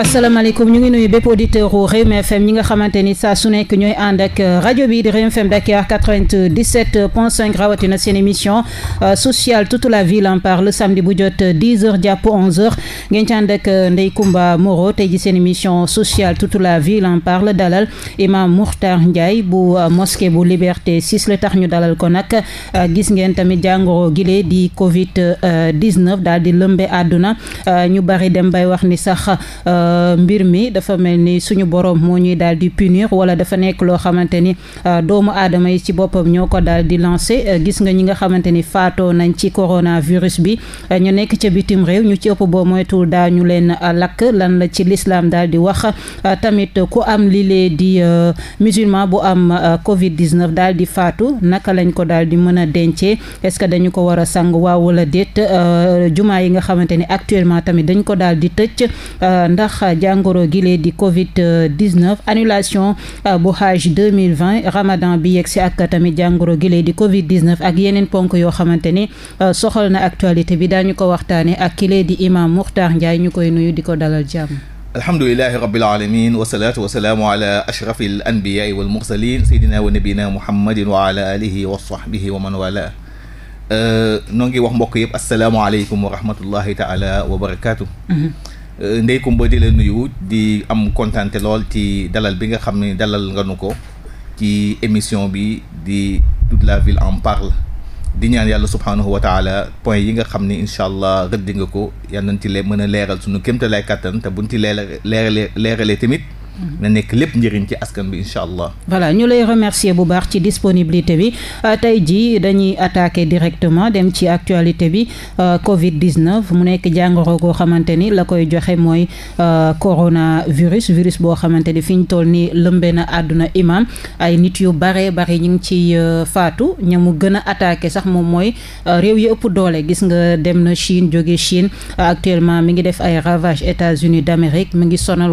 asalaamaaleykum ñu ngi nuyu bépp auditeur u Rewmi FM ñi nga xamante ni saa su nekk ñooy ànd ak euh, rajo bi di Rewmi FM Dakar 97.5 rawatina seen émission euh, sociale toute la ville en parle samedi bu jot 10 euh, heures jàpp 11 heures ngeen ci ànd ndey Ndeye moro Moreau tey ji seen émission sociale toute la ville en parle dalal imam Makhtar Ndiaye bu mosquée bu Liberté 6 la tax ñu dalal ko nag gis ngeen tamit jàngoro gile di Covid 19 daal di lëmbe àdduna ñu bari dem bay wax ni sax. Euh, mbir mi dafa mel ni suñu borom moo ñuy daal di punir wala dafa nekk loo xamante ni euh, doomu aadama yi ci boppam ñoo ko daal di lancé euh, gis nga ñi nga xamante ni faatoo nañ ci coronavirus bi ñu nekk ca bitim réew ñu ci ëpp boo moytuwul daa ñu leen lakk lan la ci lislaam daal di wax tamit ku am li lee di musulman bu am covid 19 daal di faatu naka lañ ko daal di mën a dencee est dañu ko war a sang waaw jumaa yi nga xamante actuellement tamit dañ ko xeex jàngoro gile di Covid 19 annulation euh, bu hajj 2020 ramadan bi yegg si ak tamit jàngoro gile di Covid 19 ak yeneen ponk yoo xamante ni euh, soxal na actualité bi daañu ko waxtaanee ak kile di imam Mukhtar Ndiaye ñu koy nuyu di ko dalal jàmm. alhamdulilahi rabbil alamin wasalaatu wasalaamu ala ashrafi al anbiyai wal mursalin sayidina wa nabiyina muhammadin wa ala alihi wa sahbihi wa man wala euh, noo ngi wax mbokk yëpp asalaamualeykum wa rahmatullahi taala wa barakaatu mhm. Euh, Ndeye Comba di la nuyu di am kontante lool ci dalal bi nga xam ne dalal nga nu ko ci émission bi di toute la ville en la di ñaan yàlla subhaanahu wa taala point yi nga xam ne incha allah rëdd nga ko yal nañ ci lee mën a leeral suñu kéemtalaay kàttan te buñ ci leeral leeralee leeralee tamit na nekk lépp njëriñ ci askan bi incha allah. voilà ñu lay remercier bu baax ci disponibilité bi euh, tey jii dañuy attaquer directement dem ci actualité bi euh, Covid 19 mu nekk jàngoro goo xamante ni la koy joxe mooy euh, coronavirus virus boo xamante ni fi ñu toll nii lëmbee na àdduna imam ay nit yu bare bare ñu ngi ci faatu ña mu gën a attaqué sax moom mooy réew yi ëpp doole gis nga dem na Chine jóge Chine actuellement mi ngi def ay ravage États-Unis d'Amérique mi ngi sonal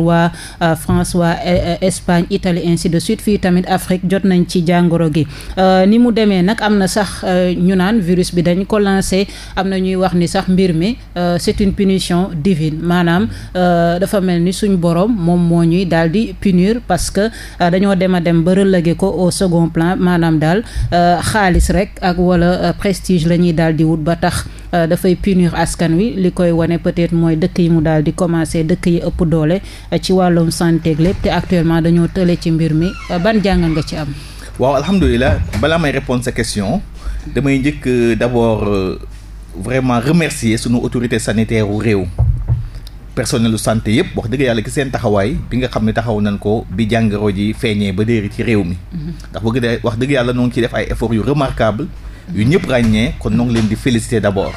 France waa Espagne Italie ainsi de suite fii tamit Afrique jot nañ ci jàngoro gi ni mu demee nag am na sax ñu naan virus bi dañ ko lancé am na ñuy wax ni sax mbir mi c'est une punition divine maanaam dafa mel ni suñ borom moom moo ñuy daal di punir parce que dañoo dem a dem ba relégué ko au second plan maanaam daal xaalis rek ak wala prestige la ñuy daal di wut ba tax Euh, dafay punir askan wi li koy wane peut-être mooy dëkk yi mu daal di commencer dëkk yi ëpp doole euh, ci wàllum santé ak te actuellement dañoo tële ci mbir mi euh, ban jàngal nga ci am. waaw alhamdulilah balaa may répondre sa question damay njëkk d'abord vraiment remercier suñu autorité sanitaire wu réew. personnel lu santé yëpp wax dëgg yàlla ki seen taxawaay bi nga xam ne taxaw nañ ko bi jàngoro ji feeñee ba déeri ci réew mi mm-hmm. ndax bëgg de wax dëgg yàlla noo ngi ciy def ay efforts yu remarquable yu ñëpp ràññee kon noo leen di féliciter d'abord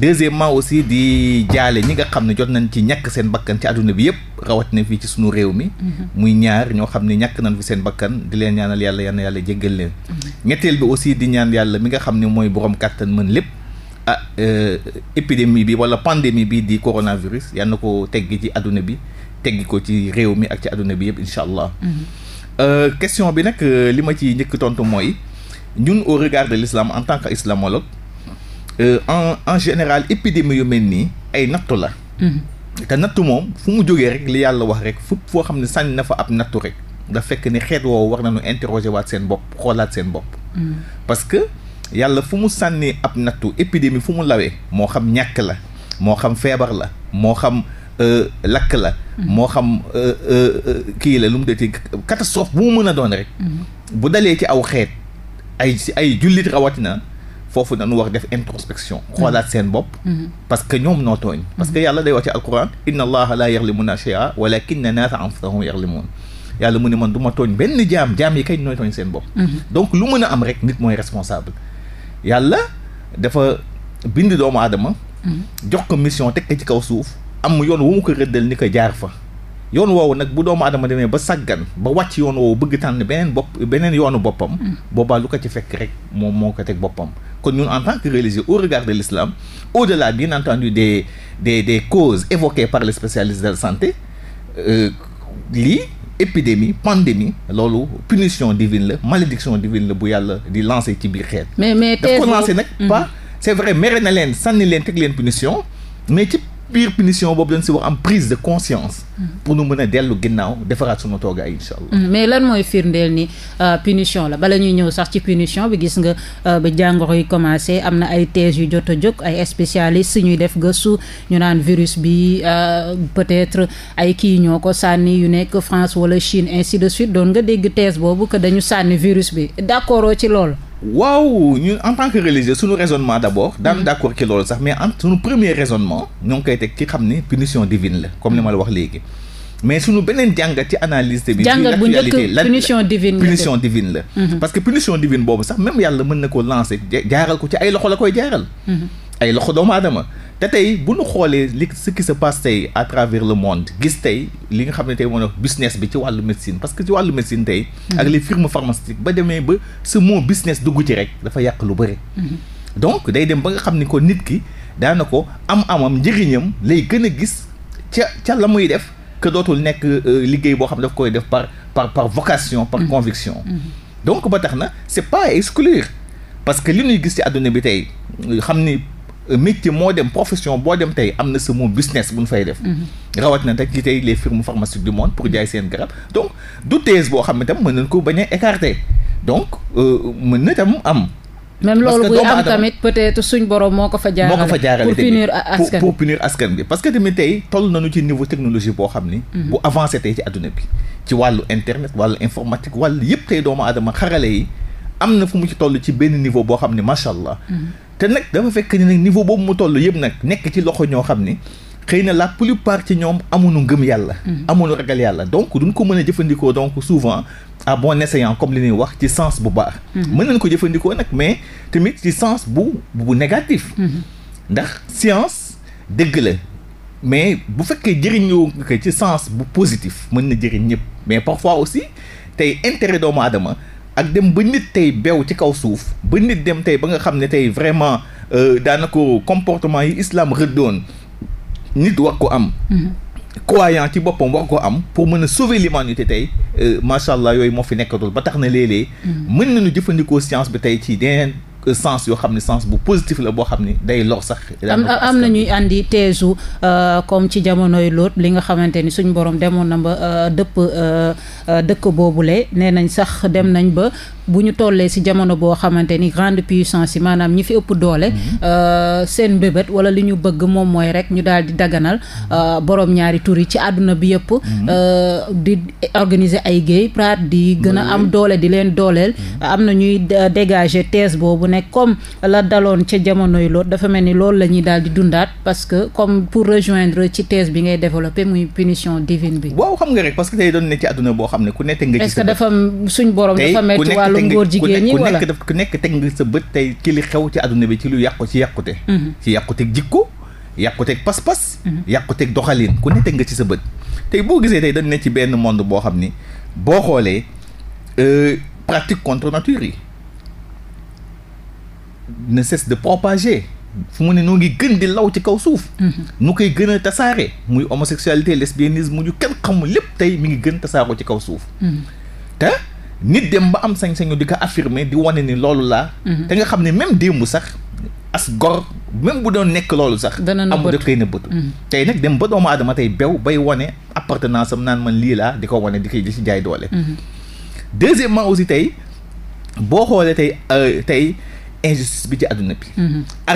deuxièmement aussi di jaale ñi nga xam ne jot nañ ci ñàkk seen bakkan ci àdduna bi yëpp rawatina fii ci sunu réew mi mm-hmm. muy ñaar ñoo xam ne ñàkk nañ fi seen bakkan di leen ñaanal yàlla yal yàlla jéggal leen mm-hmm. ñetteel bi aussi di ñaan yàlla mi nga xam ne mooy borom kàttan mën lépp ah euh, épidémie bi wala pandémie bi di coronavirus yal na ko teggi ci àdduna bi teggi ko ci réew mi ak ci àdduna bi yëpp incha allah mm-hmm. euh, question bi nag euh, li ma ci njëkk tontu mooy ñun au regard de l'islam en tant que islamologue euh, en en général épidémie yu mel nii ay nattu la te nattu moom fu mu jógee rek li yàlla wax rek fu foo xam ne sànni na fa ab nattu rek da fekk ni xeet woow war na nañu interroger waat seen bopp xoolaat seen bopp parce que yàlla fu mu sànni ab nattu épidémie fu mu lawe moo xam ñàkk la moo xam feebar la moo xam lakk la moo xam kii la lu mu dee catastrophe bu mu mën a doon rek bu dalee ci aw xeet ay si ay jullit rawatina foofu dañu wax def introspection mm-hmm. xoolaat seen bopp mm-hmm. parce que ñoom noo tooñ parce que mm-hmm. yàlla day wax ci alquran inna allaha la yaxlimuna shay'a walakinna naasa anfusahum yaxlimun yàlla mu ne man du ma tooñ benn jaam jaam yi kay nooy tooñ seen bopp donc lu mën a am rek nit mooy responsable yàlla dafa bind doomu aadama jox ko mission teg ko ci kaw suuf am yoon wu mu ko rëddal ni ko jaar fa yoon woowu nag bu doomu adama demee ba sàggan ba wàcc yoon woowu bëgg tànn beneen bopp beneen yoonu boppam hmm. boobaa lu ko ci fekk rek moom moo ko teg boppam kon ñun en tant que religieux au regard de l'islam au-delà bien entendu des des des causes évoquées par les spécialistes de la santé euh, lii épidémie pandémie loolu punition divine la malédiction divine la bu yàlla di lancé ci biir xeet mais mais daf ko lancé nag hmm. pas c'est vrai mere na leen sànni leen teg leen punition mais biir punition boobu dañ si wax am prise de conscience. Mm. pour nu mën a dellu ginnaaw defaraat sunu toogaay incha allah. Mm, mais lan mooy firndeel ni euh, punition la bala ñuy ñëw sax ci punition bi gis nga euh, ba jàngoro yi commencé am na ay thèses yu jot a jóg ay si ñuy def gëstu ñu naan virus bi euh, peut-être ay kii ñoo ko sànni yu nekk France wala Chine ainsi de suite doon nga dégg thèse boobu que dañu sànni virus bi d'accord ci loolu. waaw ñun en tant que religieux suñu raisonnement d'abord daan mm. d'accord ci loolu sax mais en suñu premier raisonnement ñoo ngi teg ci xam ne punition divine la comme li ma wax léegi mais suñu beneen jàngat ci analyse bi jàngat bu njëkk punition divine la mm-hmm. parce que punition divine boobu sax même yàlla mën na ko lancer jaaral ko ci ay loxo la koy jaaral mm-hmm. ay loxo doomu aadama te tey bu ñu xoolee li ce qui se passe tey à travers le monde gis tey li nga xam ne tey moo ne business bi ci wàllu médecine parce que ci wàllu médecine tey. Mm-hmm. ak les firmes pharmaceutiques ba demee ba ce moo business dugg ci rek dafa yàq lu bëri. Mm-hmm. donc day dem ba nga xam ni ko nit ki daana ko am-amam njëriñam lay gën a gis ca ca la muy def que dootul nekk euh, liggéey boo xam ne daf koy def par par par vocation par mm-hmm. conviction. donc ba tax na c'est pas à parce que li ñuy gis ci àdduna bi tey xam ni. métier moo dem profession boo dem tey am na sa moom business bu nu fay def. Mhm. rawat na rek li tey les firmes pharmaceutiques du monde pour jaay seen garab donc du thèse boo xam ne tam mën nañ ko bañ écarté écarter donc euh, mën na tam am. même loolu buy am tamit peut-être suñ borom moo ko fa jaarale. moo ko fa jaarale pour punir askan pour punir parce que tamit tey toll nañu ci niveau technologie boo xam ni. Mhm. bu avancé tey ci adduna bi. ci wàllu internet wàllu informatique wàllu yëpp tey doomu aadama xarale yi am na fu mu ci toll ci benn niveau boo xam ne macha allah. Mhm. te nag dafa fekk ni nag niveau boobu mu toll yëpp nag nekk ci loxo ñoo xam ni xëy na la plupart ci ñoom amuñu ngëm yàlla mm-hmm. amuñu ragal yàlla donc duñ ko mën a jëfandikoo donc souvent à bon escient comme li ñuy wax ci sens bu baax mm-hmm. mën nañ ko jëfandikoo nag mais tamit ci sens bu bu négatif mm-hmm. ndax science dëgg la mais bu fekkee jëriñ jëriñoo ko ci sens bu positif mën na jëriñ ñëpp mais parfois aussi tey intérêt doomu aadama ak dem ba nit tey beew ci kaw suuf ba nit dem tey ba nga xam ne tey vraiment euh, daanaka comportement yi islaam rëddoon nit wax ko am. Mm-hmm. croyant ci boppam war ko am pour mën a sauver l'humanité tey euh, macha allah yooyu moo fi nekkatul ba tax na léeg-léeg mm-hmm. mën nu jëfandikoo science bi tey ci deneen sens yoo xam ne sens bu positif la boo xam ne day lor sax. am na ñuy andi teesu euh, comme ci jamonoy loot li nga xamante ni suñ boroom demoon na ba euh, dëpp euh, dëkk boobule nee nañ sax dem nañ ba bu ñu tollee ci jamono boo xamante ni grande puissance yi maanaam ñi fi ëpp doole. Mhm. Euh, seen mbébét wala li ñu bëgg moom mooy rek ñu daal di daganal euh, borom ñaari tur ci àdduna bi yëpp. Mhm. Euh, di organiser ay géey praat di gën a am doole di leen dooleel. Mhm. am na ñuy dégager thèse boobu ne comme la daloon ca jamonoy lool dafa la ñuy daal di dundaat parce que comme pour rejoindre ci thèse bi ngay développer muy punition divine bi. waaw xam nga rek parce que day doon ne ci àdduna boo xam ne ku nekk nga. ci est-ce que dafa suñ borom dafa metti wàllum góor jigéen ñi wala ku nekk ku nekk teg nga sa bët tey ci li xew ci àdduna bi ci lu yàqu ci yàqute mhm. ci yàquteeg jikko yàquteeg pas-pas mhm. yàquteeg doxalin ku ne teg nga ci sa bët tey boo gisee tey dañ ne ci benn monde boo xam ni boo xoolee euh, pratique contre nature yi ne cesse de propager fu mu ne noo ngi gën di law ci kaw suuf mhm. nu koy gën a tasaare muy homosexualité lesbianisme mu ñu kenn xamul lépp tey mi ngi gën tasaaroo ci kaw suuf te nit dem ba am sañ-sañu di ko affirmer di wane ni loolu laa. Mhm. te nga xam ne même démb sax as gor même bu doon nekk loolu sax. amul daf koy nëbbatu. Mhm. tey nag dem ba doomu aadama tey bew bay wone appartenance am naan man lii laa di ko wane di koy di ci jaay doole. Mhm. deuxièmement aussi tey boo xoolee tey euh, tey injustice bi ci àdduna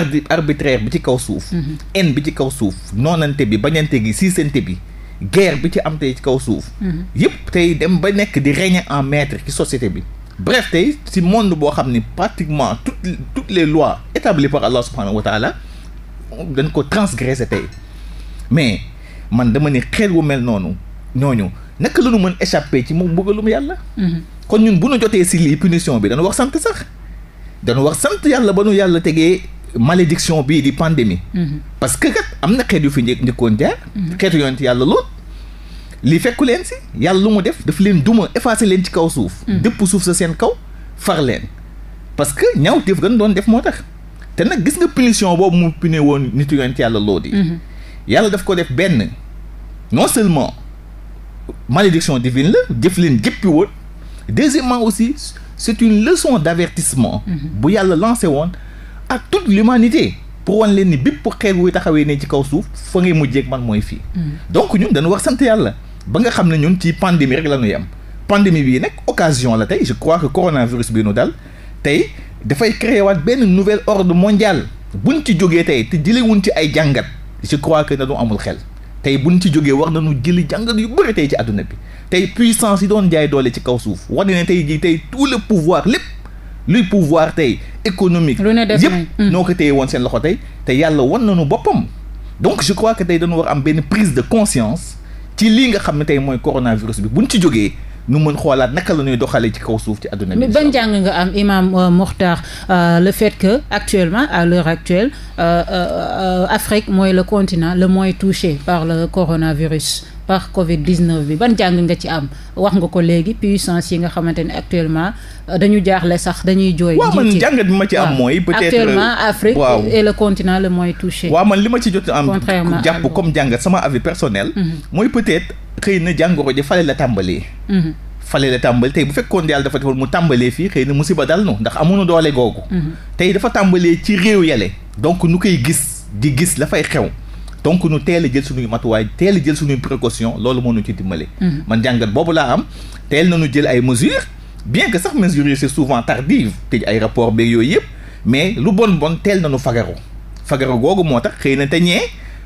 bi. arbitraire bi ci kaw suuf. haine bi ci kaw suuf noonante bi bañante gi siisante bi. guerre bi ci am tey ci kaw suuf. Hmm. yëpp tey dem ba nekk di régner en maître ci société bi. bref tey si monde boo xam ni pratiquement toutes toutes les lois établies par Allah subhanahu wa taala dañ ko transgressé tey mais man dama ne xel wu mel noonu ñooñu naka la ñu mën échapper ci mu bëggalum yàlla. Hmm. kon ñun bu ñu jotee si lii punition bi dañu wax sant sax dañu wax sant yàlla ba nu yàlla tegee. malédiction bii di pandémie mhm. parce que kat am na xeet yu fi njëkk njëkkoon jaar mhm. xeetu yonent yàlla lool li fekku leen si yàlla lu mu def daf leen duma effacé leen ci kaw suuf mhm. dëpp suuf sa seen kaw far leen parce que ñaaw téef gën doon def moo tax te nag gis nga punition boobu mu pune woon nitu yonent yàlla lool yi yàlla daf ko def benn non seulement malédiction divine la jëf leen jëppi woon deuxièmement aussi c'est une leçon d'avertissement bu yàlla lancé woon ak toute l'humanité pour wan leen ni bépp xeer wuy taxawee ne ci kaw suuf fa ngay mujjeeg man mooy fii mm. donc ñun dañu wax sant yàlla ba nga xam ne ñun ci pandémie rek la ñuy am pandémie bii nag occasion la tey je crois que coronavirus bii nu dal tey dafay créé waat benn nouvel ordre mondial buñ ci jógee tey te wun ci ay jàngat je crois que dañu amul xel tey buñ ci jógee war nañu jëli jàngat yu bëri tey ci àdduna bi tey puissance yi doon jaay doole ci kaw suuf wane ne tey jii tey tout le pouvoir lépp luy pouvoir tey économique. lu ne def yëpp noo hmm. ko teye woon seen loxo tey te yàlla wan nañu boppam. donc je crois que tey dañu war am benn prise de conscience ci lii nga xam ne tey mooy coronavirus bi buñ ci jógee. nu mën xoolaat naka la ñuy doxalee ci kaw suuf ci àdduna bi. ban jàng nga am imam euh, Mokhtar euh, le fait que actuellement à l'heure actuelle euh, Afrique mooy le continent le moins touché par le coronavirus. par Covid 19 bi ban jàng nga ci am wax nga ko léegi puissance yi nga xamante ne actuellement euh, dañu jaaxle sax dañuy jooy. waaw man jàngat bi ma ci am mooy. peut-être euh, waaw. et le continent le moins touché. waaw man li ma ci jot am. contrairement jàpp comme jàngat sama avis personnel. Mhm. mooy peut-être xëy na jàngoro ji fale la tàmbalee. Mhm. fale la tàmbali tey bu fekkoon yàlla dafa defoon mu tàmbalee fii xëy na musiba dal nu ndax amuñu doole googu. Mhm. tey dafa tàmbalee ci réew yale donc nu koy gis di gis la xew. donc nu teel a jël suñuy matuwaay teel a jël suñuy précaution loolu moo nu ci dimbale. Mm-hmm. man jàngat boobu laa am teel na nañu jël ay mesures bien que sax mesures yi souvent tardive tëj ay rapport beeg yooyu yëpp mais lu bon bon teel nañu fagaru fagaru googu moo tax xëy na te ñee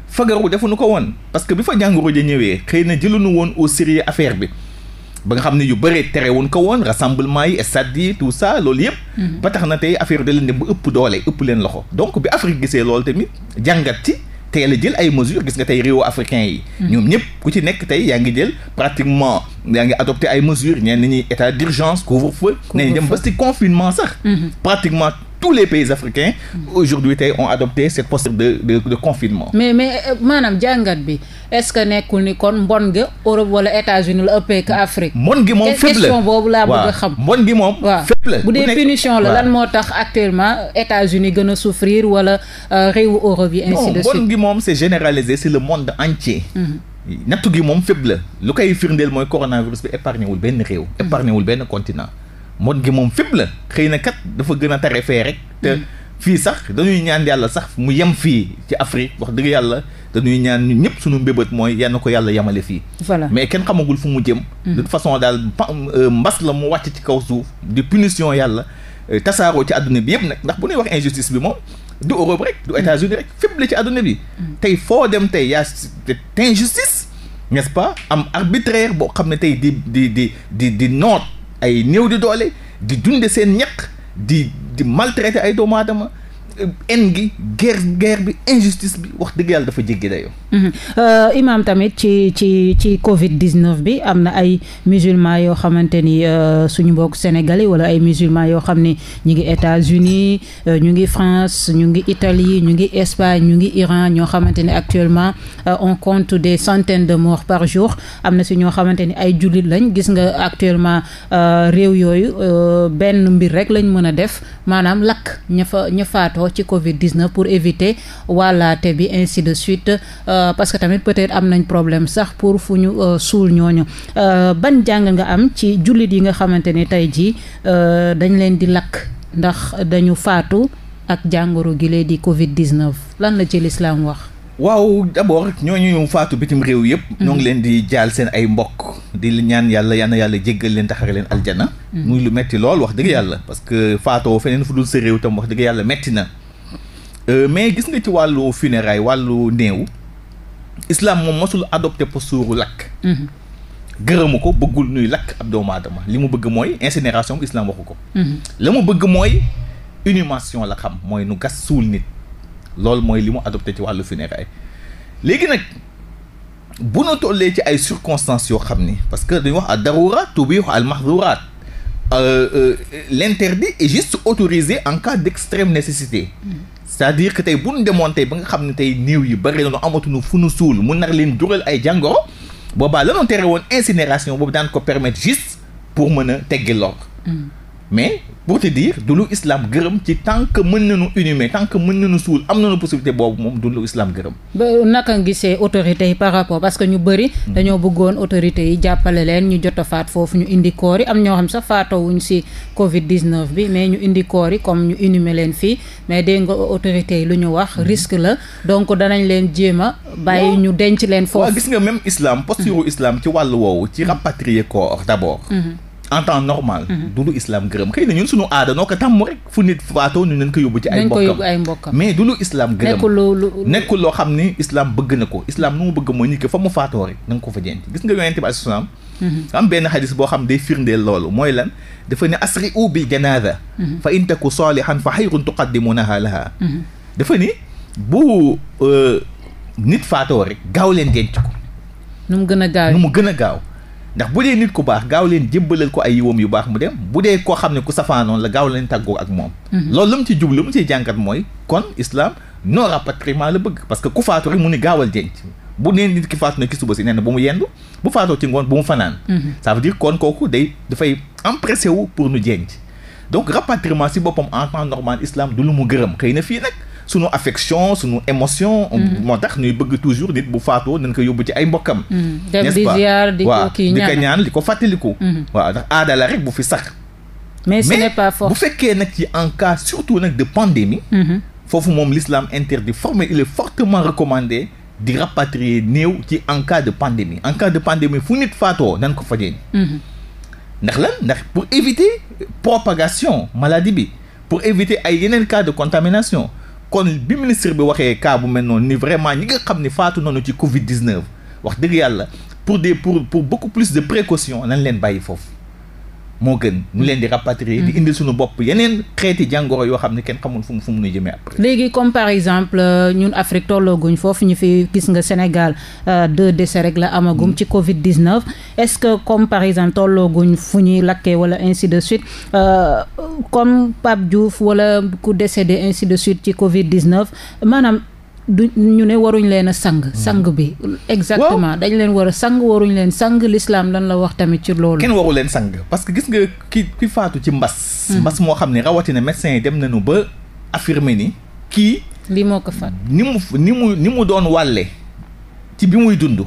fagaru defuñu ko woon parce que bi fa jàngoro ja ñëwee xëy na jëluñu woon au sérieux affaire bi ba nga xam ne yu bëree tere woon ko woon rassemblement yi stade yi tout ça loolu yëpp. Mm-hmm. ba tax na tey affaire da leen dem ba ëpp doole ëpp leen loxo donc bi Afrique gisee loolu tamit jàngat ci. teel a jël ay mesures gis nga tey réew africain yi mm-hmm. ñoom ñëpp ku ci nekk tey yaa ngi jël pratiquement yaa ngi adopté ay mesures ñenn ñi état d'urgence couvre-feu nañu dem ba ci confinement sax mm-hmm. pratiquement tous les pays africains aujourd'hui tey ont adopté cette posture de confinement. mais mais euh, maanaam jàngat bi est-ce que nekkul ni kon mbon gi Europe wala États-Unis la ëppee que Afrique. mbon gi moom faible question boobu laa bëgg a xam. mbon gi moom faible bu dee punition la lan moo tax actuellement États-Unis gën a souffrir wala euh, réewu Europe yi. ainsi de suite mbon gi moom c'est généralisé le monde entier. Mm-hmm. nattu gi moom faible la lu koy firndeel mooy coronavirus bi épargné wul benn réew. épargné wul benn continent. mbon gi moom fépp la xëy na kat dafa gën a tare fee rek te mm. fii sax dañuy ñaan yàlla sax mu yem fii ci Afrique wax dëgg yàlla dañuy ñaan ñun ñëpp suñu mbébét mooy yal ko yàlla yemale fii voilà mais kenn xamagul fu mu jëm mm. de toute façon daal euh, mbas la mu wàcc ci kaw suuf di punition yàlla euh, tasaaroo ci àdduna bi yëpp nag ndax bu ñuy wax injustice bi moom du Europe rek du États-Unis rek fépp la ci àdduna bi mm. tey foo dem tey yaa injustice n'est-ce pas am arbitraire boo xam ne tey di di di di di noot ay néew di doole di dunde seen ñaq di di maltraité ay doomu aadama en gi guerre guerre bi injustice bi wax dëgg yàlla dafa jéggi dayoo. Mhm. Euh, imaam tamit ci ci ci Covid 19 bi am na ay musulmans yoo xamante ni euh, suñu mbokk sénégalais wala ay musulmans yoo xam ni ñu ngi États-Unis euh, ñu ngi France ñu ngi itali ñu ngi Espagne ñu ngi Iran ñoo xamante ni actuellement on compte des centaines de morts par jour am na si ñoo xamante ni ay jullit lañ gis nga actuellement réew yooyu benn mbir rek lañ mën a def maanaam lakk ña fa ña faatoo feebaroo ci Covid 19 pour éviter wàllaate bi ainsi de suite euh, parce que tamit peut-être am nañ problème sax pour fu ñu euh, suul ñooñu euh, ban jàng nga am ci jullit yi nga xamante ne tey jii dañ leen di lakk ndax dañu faatu ak jàngoro gi lee di Covid 19 lan la ci lislaam wax. waaw d'abord ñooñu faatu bitim réew yëpp. Mhm. ñoo ngi leen di jaal seen ay mbokk. di ñaan yàlla yal na yàlla jéggal leen taxare leen aljana. Mhm. muy lu metti lool wax dëgg yàlla. parce que faatoo feneen fu dul sa réew tam wax dëgg yàlla metti na. Euh, mais gis nga ci wàllu funérailles wàllu néew. islaam moom mosul adopté posture lakk. Mhm. gërëmu ko bëggul nuy lakk ab doomu aadama li mu bëgg mooy incinération islam waxu ko. la mu bëgg mooy inhumation la xam mooy nu gas suul nit. loolu mooy li mu adopté ci wàllu funérailles léegi nag bu nu tollee ci ay circonstances yoo xam ni parce que dañuy wax à darurat tubihu al mahdurat euh, euh, l'interdit est juste autorisé en cas d'extrême nécessité mm-hmm. c'est-à-dire que tey bu nu demoon tey ba nga xam ne tey néew yi bari nañu amatuñu fu nu suul mu nar leen jural ay jàngoro boobaa la ñu tere woon incinération boobu daan ko permettre juste pour mën a teggi lor mm-hmm. mais pour te dire du lu islam gërëm ci tant mën nañu inhumer tant que mën nañu suul am nañu possibilité boobu moom du lu islam gërëm. ba naka gisee autorité yi par rapport parce que ñu bëri. Hmm. dañoo bëggoon autorités yi jàppale leen ñu jot faat foofu ñu indi koor yi am ñoo xam sax faatawuñ si Covid 19 bi mais ñu indi koor yi comme ñu inhumer leen fii mais dégg nga autorité yi lu ñu wax hmm. risque la donc danañ leen jéem a. bàyyi ñu denc leen foofu. waaw gis nga même islam posture hmm. islam ci wàllu woowu ci rapatrier corps d' en temps normal. Mhm. du lu islam gërëm xëy na ñun suñu aada noo ko tàmm rek fu nit faatoo ñu nañ ko yóbbu ci ay mbokkam mais du lu islam gërëm nekkul loo xam ni islaam bëgg na ko islam nu mu bëgg mooy nit ki fa mu na nga ko fa jent gis nga yonente bi alayhi mhm. am benn xadis loolu mooy lan dafa ne asri u bi janaza mhm. fa in taku salihan fa xayrun tuqaddimunaha laha dafa ni bu euh, nit faatoo rek gaaw leen denc ko nu gën a gaaw nu mu gën a gaaw ndax bu dee nit ku baax gaaw leen jébbalal ko ay yiwam yu baax mu dem bu dee koo xam ne ku safaanoon la gaaw leen tàggoo ak moom mhm. loolu la mu ci jublu mu ciy jàngat mooy kon islam non rapatriement la bëgg parce que ku faatu rek mu ne gaawal denc bu neen nit ki faatu na ki suba si nee na bu mu yendu bu faatoo ci ngoon bu mu fanaan mhm. ça veut dire kon kooku day dafay empressé wu pour nu jenc donc rapatriement si boppam en temps normal islam du lu mu gërëm xëy na fii nag sunu affection sunu émotion. Mm-hmm. moo tax ñuy bëgg toujours nit bu faatoo nañ ko yóbbu ci ay mbokkam. Mm-hmm. n'est-ce pas dem ko kii ñaan di ko ñaan ko fàttaliku. Mm-hmm. ndax aada la rek bu fi sax. mais ce n'est bu fekkee nag ci en cas surtout nag de pandémie. foofu moom l'islam interdit fort mais il est fortement recommandé. di rapatrier néew ci en cas de pandémie en cas de pandémie fu nit faatoo nan ko fajee ndax lan ndax pour éviter propagation maladi bi pour éviter ay yeneen cas de contamination kon bi ministre bi waxee cas bu mel noonu ni vraiment ñi nga xam ni faatu noonu ci Covid 19 wax dëgg yàlla pour des pour pour beaucoup plus de précaution nañ leen bàyyi foofu. moo gën ñu leen di rapatrier di mm-hmm. indil suñu bopp yeneen xeeti jàngoro yoo xam ne kenn xamul fu mu fu mu nu jëmee après léegi comme par exemple euh, ñun Afrique tollooguñ foofu ñu fi gis nga Sénégal euh, deux décès rek la amagum mm-hmm. ci Covid 19 est-ce que comme par exemple tollooguñ fu ñuy lakkee wala ainsi de suite euh, comme Pape Diouf wala ku décédé ainsi de suite ci Covid 19 maanaam du ñu ne waruñ leen a sang hmm. sang bi exactement dañ leen war a sang waruñ leen sang lislaam lan la wax tamit ci loolu kenn waru leen sang parce que gis nga ki ki faatu ci mbas hmm. mbas moo xam ne rawatina médecins yi dem nañu ba affirmer ni kii lii moo ko faat ni mu ni mu ni mu doon wàlle ci bi muy dund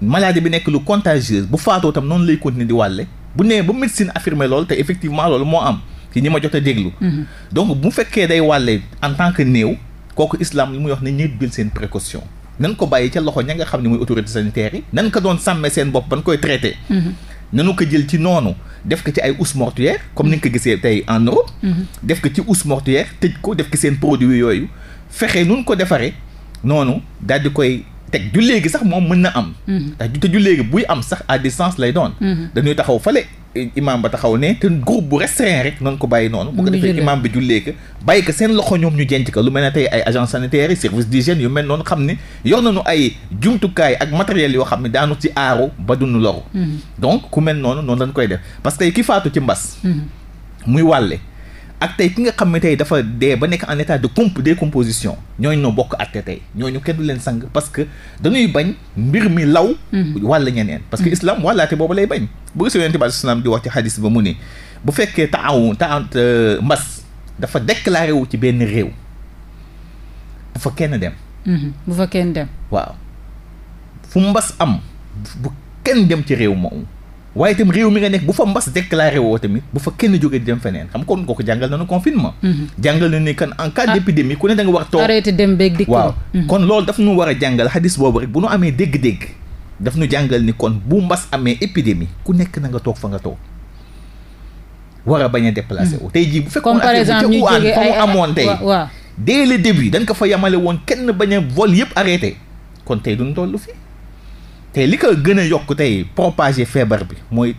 maladie bi nekk lu contagieuse bu faatoo tam noonu lay continuer di wàlle bu nee ba médecine affirmé loolu te effectivement loolu moo am ci ñi ma jot a déglu hmm. donc bu fekkee day wàlle en tant que néew kooku islam li muy wax ne ñëpp bil seen précaution nan ko bàyyi ca loxo ña nga xam ne mooy autorité sanitaire yi nan ko doon sàmmee seen bopp ban koy traité mhm. nanu ko jël ci noonu def ko ci ay housse mortuaire comme ni nga ko gisee tey en Europe mhm. def ko ci housse mortuaire tëj ko def ko seen produit yooyu fexe nun ko defaree noonu daal koy teg ju léegi sax moom mën na am mhm. ndax te ju léegi buy am sax à distance lay doon mhm. dañuy taxaw fale imam ba taxaw ne te groupe bu restreint rek noonu ko bàyyi noonu bu ko defee imam bi jullee ko bàyyi ko seen loxo ñoom ñu jenc ko lu mel ne tey ay agents sanitaires yi service d'hygiène yu mel noonu xam ne yor nañu ay jumtukaay ak matériel yoo xam ne daanu ci aaru ba dunu loru mhm. donc ku mel noonu noonu lañ koy def parce que ki faatu ci mbas muy wàlle ak tey ki nga xam ne tey dafa dee ba nekk en état de comp décomposition ñooñu noo bokk àtte tey ñooñu kenn du leen sang parce que dañuy bañ mbir mi law. Mm-hmm. wàll ñeneen. parce que mm-hmm. islam wàllaate boobu lay bañ. bu gisee yonent bi alayhi salaam di wax ci xadis ba mu ne bu fekkee taawun taawun euh, mbas dafa déclaré wu ci benn réew bu fa kenn dem. Mm-hmm. bu fa kenn dem. waaw fu mbas am bu kenn dem ci réew moomu. waaye itam réew mi nga nekk bu fa mbas déclaré woo tamit bu fa kenn jógee di dem feneen xam kon kooku jàngal nañu confinement. Mhm. jàngal nañu ne kan en cas ah. d' épidémie ku ne da nga war toog arrêté dem beeg dikk waaw mhm. kon loolu daf ñu war a jàngal xadis boobu rek bu nu amee dégg-dégg daf ñu jàngal ni kon bu mbas amee épidémie ku nekk na nga toog fa nga toog. war a bañ a déplacé mhm. wu. tey jii bu fekkoon affaire bi ca Wuhan fa mu amoon tey. dès le début dañ ko fa yamale woon kenn bañ a vol yëpp arrêté kon tey duñ toll fii. te li ko gën a yokk tey propager feebar bi mooy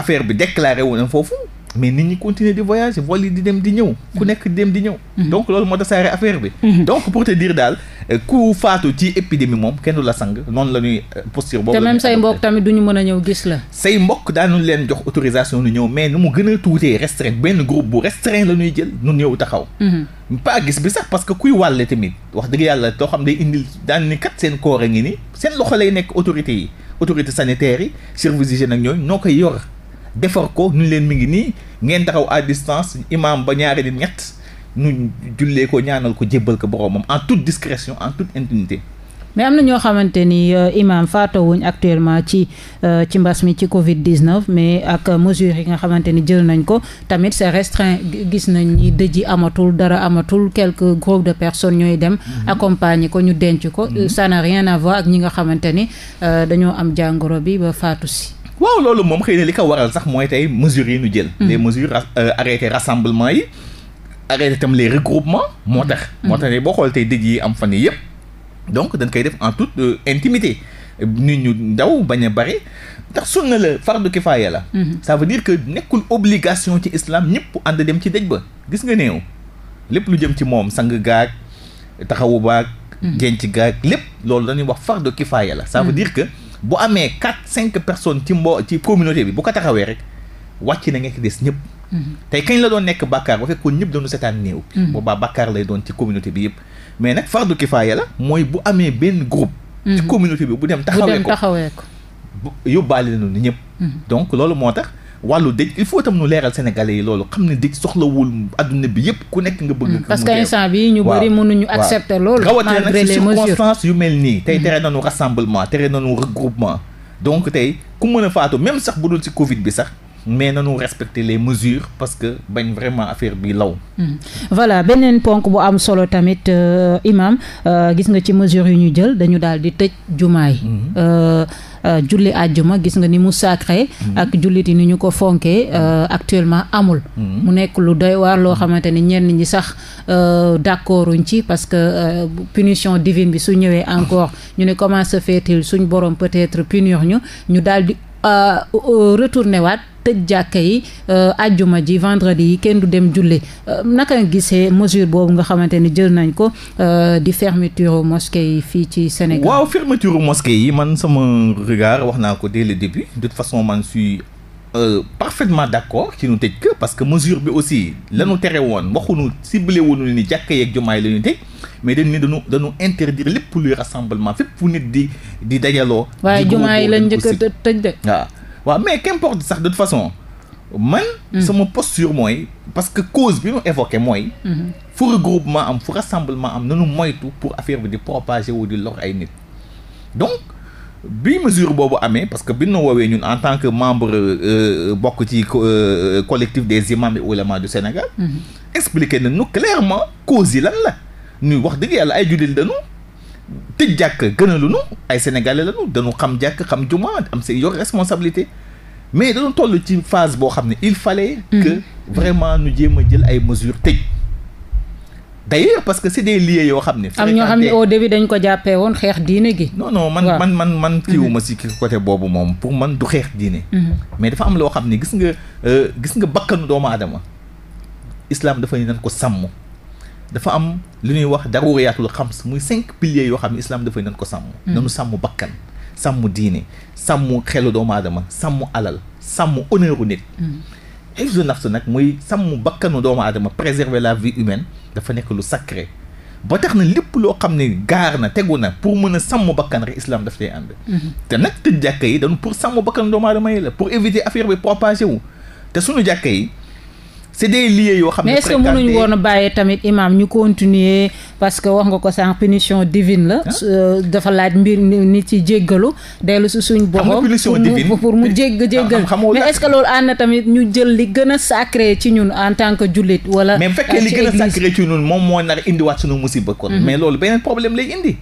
affaire bi déclaré wu na foofu mais nit ñi continuer di voyager vol yi di dem di ñëw ku nekk di dem di ñëw mhm. donc loolu moo tasaare affaire bi mhm. donc pour te dire daal euh, ku faatu ci épidémie moom kenn la sang noonu la ñuy euh, posture boobu te même say mbokk tamit du mën a ñëw gis la say mbokk daanu leen jox autorisation nu ñëw mais nu mu gën a tuutee restreint benn groupe bu restreint la ñuy jël nu ñëw taxaw mhm. pas gis bi sax parce que kuy wàlle tamit wax dëgg yàlla too xam day indil daan ni kat seen koor a ngi ni seen loxo lay nekk autorité yi autorité sanitaire yi service d'hygiène ak ñooñu noo koy yor defar ko ñu leen mi ngi nii ngeen taxaw à distance imaam ba ñaari nit ñett nu jullee ko ñaanal ko jébbal ko boroomam en toute discrétion en toute intimité mais am na ñoo xamante ni euh, imam wuñ actuellement ci euh, ci mbas mi ci Covid 19 mais ak mesures yi nga xamante ni jël nañ ko tamit c'est restreint gis nañ ni dëj yi amatul dara amatul quelque groupes de personne ñooy dem. Mm-hmm. accompagner ko ñu denc ko. sanarien mm-hmm. n'a rien ak ñi nga xamante ni euh, dañoo am jàngoro bi ba faatu si. waaw loolu moom xëy na li ko waral sax mooy tey mesures yi ñu jël. Mm-hmm. les mesures euh, arrêté rassemblement yi arrêté tam les regroupements moo tax. Mm-hmm. moo tax ne boo xool tey dëj yi am fan yii yëpp donc dañ koy def en tout euh, intimité nit ñu ndaw bañ a bare ndax sunna la fardu kifaaya la. sa mm-hmm. veut dire que nekkul obligation ci islam ñëpp ànd dem ci dëj ba gis nga néew lépp lu jëm ci moom sang gaag taxawu baag. jenc gaag lépp loolu dañuy wax far fardu kifaaya la. sa veut que. bu amee quatre cinq personnes ci mbo ci communauté bi bu ko taxawee rek wàcc na nga ci des ñëpp. Mhm. tey kañ la doon nekk bàkkaar ba fekkoon ñëpp doonu seetaan néew. Mhm. boobaa bàkkaar lay doon ci communauté bi yëpp. mais nag fardu kifaaya la. mooy bu amee benn groupe. ci mhm. communauté bi bu dem taxawee ko bu dem taxawee ko. yóbbaale ñëpp. donc loolu moo tax. wàllu dëj il faut itam nu leeral sénégalais yi loolu xam ne dëj soxlawul adduna bi yëpp ku nekk nga bëgg hmm, parce que instant bi ñu bëri mënuñu accepter loolu rawatina nag ci circonstance yu mel nii tey hmm. tere nañu rassemblement tere nañu regroupement donc tey ku mën faatu même sax bu dul ci covid bi sax mais nanu respecter les mesures parce que bañ vraiment affaire bi law hmm. voilà beneen ponk bu am solo tamit euh, imam euh, gis nga ci mesures yu ñu jël dañu daal di tëj jumaay hmm. euh, julli àjjuma gis nga ni mu sacré hmm. ak jullit yi ni ñu ko fonkee actuellement amul mu nekk lu doy waar loo xamante ni ñenn ñi sax d'accorduñ ci parce que punition divine bi su ñëwee encore ñu ne comment se fait suñ borom peut-être punir ñu ñu daal di Euh, euh, retourné waat tëj jàkka yi euh, àjjuma ji vendredi yi kenn du dem julli naka gisee mesure boobu nga xamante ni jël nañ ko di fermeture mosquée yi fii ci Sénégal. waaw fermeture mosquée yi man sama regard wax naa ko dès le début du toute façon man suis euh, parfaitement d'accord ci ñu tëj que parce que mesure bi aussi lañu tere woon waxuñu ciblé wuñu ni jàkka yeeg jumaay la ñu tëj mais dañu ne dañu dañu interdire lépp luy rassemblement fépp fu nit di di dajaloo. waaye jumaa yi lañ njëkk a tëj de. waaw waaw mais qu'importe sax de toute façon man. Mm. sama posture mooy parce que cause bi ñu évoqué mooy. Mm-hmm. fu regroupement am fu rassemblement am nanu moytu pour affaire bi di propager wu di lor ay nit donc. bi mesure boobu amee parce que bi ñu woowee ñun en tant que membre euh, euh, bokk ci euh, collectif des imams et oulémas du Sénégal. Mhm. expliqué nañu clairement cause yi lan la ñu wax dëgg yàlla ay jullit dañu tëj jàkk gënaluñu ay sénégalais lañu dañu xam jàkk xam juma am seen yor responsabilité mais dañu toll ci phase boo xam ne il fallait mhm. que vraiment nu jéem a jël ay mesures tëj. day parce que c'est des lieux yoo xam ne. am ñoo xam ne au début dañ ko jàppee woon xeex diine gi. non non man man man man mhm. kiiwuma si côté boobu moom pour man du xeex diine. Mhm. mais dafa am loo xam ne gis nga euh, gis nga bakkanu doomu aadama islaam dafa nan ko sàmm. dafa am lu ñuy wax daruriyatul xams muy cinq piliers yoo xam ne islam dafay nan ko sàmm. Mhm. nanu sàmm bakkan sàmm diine sàmm xelu doomu aadama sàmm alal sàmm honneur nit. hifzu nafs nag muy sàmm bakkanu doomu aadama préserver la vie humaine dafa nekk lu sacré ba tax na lépp loo xam ne gaar na tegu na pour mën a sàmm bakkan rek islam daf tey ànd mhm. te nag tëj jàkka yi dañu pour sàmm bakkanu doomu aadama yi la pour éviter affaire bi propagé wu te suñu jàkka yi c'est des lieux yoo xam ne. mais est-ce que mënuñu woon a bàyyi tamit imam ñu continuer parce que wax nga ko sànq punition divine la. Ah. Euh, dafa laaj mbir nit ci jéggalu dellu si suñ boppam. punition divine pour mu jégg jéggal mais est-ce que loolu ànd na tamit ñu jël li gën a sacré ci ñun en tant que jullit wala. mais bu fekkee li gën a sacré ci ñun moom moo nar indiwaat suñu musiba kon mhm. mais loolu beneen problème lay indi.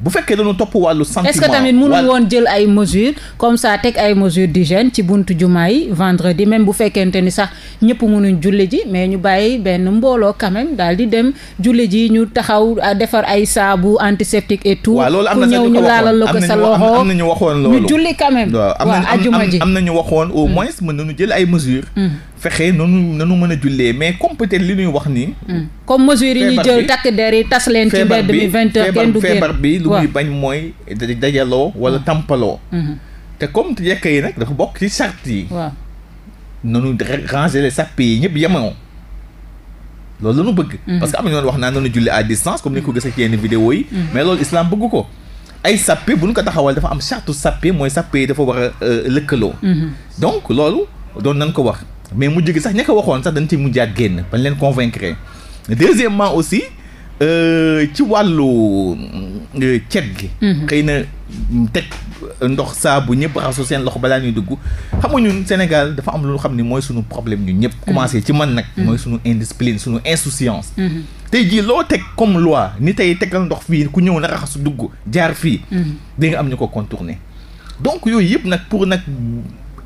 bu fekkee dañu topp wàllu sentiment est-ce que tamit mënu woon jël ay mesures comme sa teg ay di d'hygiène ci buntu jumaa yi vendredi même bu fekkente ni sax ñëpp mënuñ julli ji mais ñu bàyyi benn mbooloo quand même daal di dem julli ji ñu taxaw euh, defar ay saabu antiseptique et tout. waaw loolu am na ñëw ñu laalal la sa loxo am na ñu waxoon loolu. ñu julli quand même. waaw ajuma ji am na ñu waxoon au hmm. moins mën nañu jël ay mesures. Hmm. fexe nanu nanu mën a jullee mais comme peut-être li ñuy wax nii. Hmm. comme mesure yi jël takk der yi tas leen. ci mbedd mi feebar bi lu muy bañ mooy dajaloo wala tampaloo. Hmm. te comme yekk yi nag dafa bokk ci sart yi. waaw nanu ranger les sàpp yi ñëpp yemoo. loolu la bëgg. Hmm. parce que am na ñoo wax naa nañu julli à distance comme ni ko gisee ci yenn vidéo yi. mais loolu islam bëgg ko. ay sàppe bu ñu ko taxawal dafa am sartu sàppe mooy sàppe yi dafa war a euh, lëkkaloo. donc loolu doon nañ ko wax. mais mu gi sax ña ko waxoon sax dañ ci mujjaat génn bañ leen convaincre deuxièmement aussi euh, ci wàllu euh, cet gi mhm. xëy na teg ndox saa bu ñëpp raxasu seen loxo balaa ñuy dugg xam nga ñun Sénégal dafa am lu xam ne mooy sunu problème ñu ñëpp mhm. commencé ci man nag mhm. mooy sunu indiscipline sunu insouciance tey jii loo teg comme loi ni tey tegal ndox fii ku ñëw na raxasu dugg jaar fii di nga am ñu ko contourner donc yooyu yëpp nag pour nag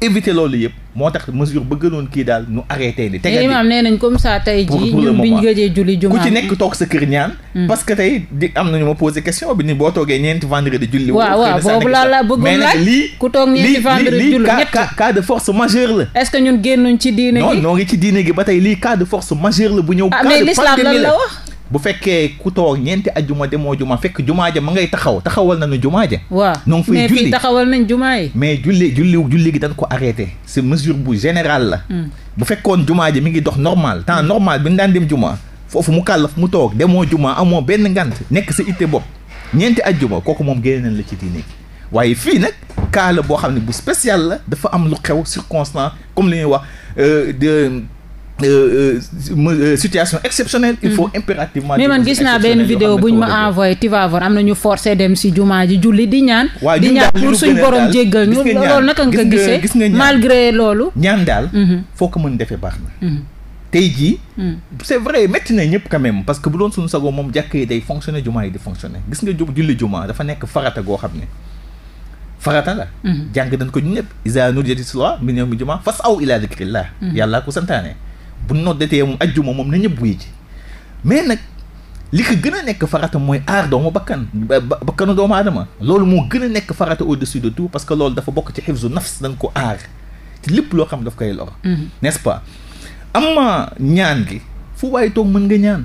éviter loolu yëpp moo tax mesure ba gënoon kii daal ñu arrêté ni tegal imaam nee nañ comme ça tey jii ñun bi ñu gëjee julli jumaa ku ci nekk toog sa kër ñaan hmm. parce que tey di am nañu ma posé question bi ni boo toogee ñeenti vendredi julli waaw waaw boobu laa la bëggoon laaj lii ku toog ñeenti vendredi julli ñett cas de force majeure la est ñun génnuñ ci diine gi non ngi ci diine gi ba tey lii cas de force majeure la bu ñëw ah, mais l'islam lan la wax bu fekkee ku toog ñeenti ajjuma demoo juma fekk jumaa ja ma ngay taxaw taxawal na nañu jumaa ja waa no ngi nañ jumaa yi mais julli julli julli gi dañ ko arrêté c'est mesure bu général la hmm. bu fekkoon jumaa ja mi ngi dox normal temps normal bi nga daan dem jumaa foofu mu kàllaf mu toog demoo jumaa amoo benn ngant nekk sa itte bopp ñeenti ajjuma kooku moom génne nañ la ci diine waaye fii nag kaala la boo xam ne bu spécial la dafa am lu xew circonstance comme li ñuy wax euh, de Euh, euh, euh, situation exceptionnelle il faut mm-hmm. impérativement. mais man gis naa benn vidéo bu ma envoyé Tivaouane am na ñu forcé dem si jumaa ji julli di ñaan. di ñaan pour suñ borom jéggal ñu loolu naka nga ko gisee loolu. ñaan daal. Mm-hmm. foo ko mën defee baax na. Mm-hmm. tey jii. Mm. c' vrai métti na ñëpp quand même parce que bu doon suñu sagoo moom jàkk yi day fonctionner jumaa yi di fonctionner gis nga julli jumaa dafa nekk farata goo xam ne. farata la jàng dañ ko ñu ñëpp isa nudiyatis salaa min yawmi jumaa fas aw ila dikrillah yàlla ko bu noddetee moom ajjuma moom na ñëpp wuy ji mais nag li ko gën a nekk farata mooy aar doomu bakkan ba bakkanu doomu aadama loolu moo gën a nekk farata au-dessus de tout parce que loolu dafa bokk ci xifzu nafs dañ ko aar ci lépp loo xam daf koy lor mhm. n'est-ce pas ñaan gi fu toog mën nga ñaan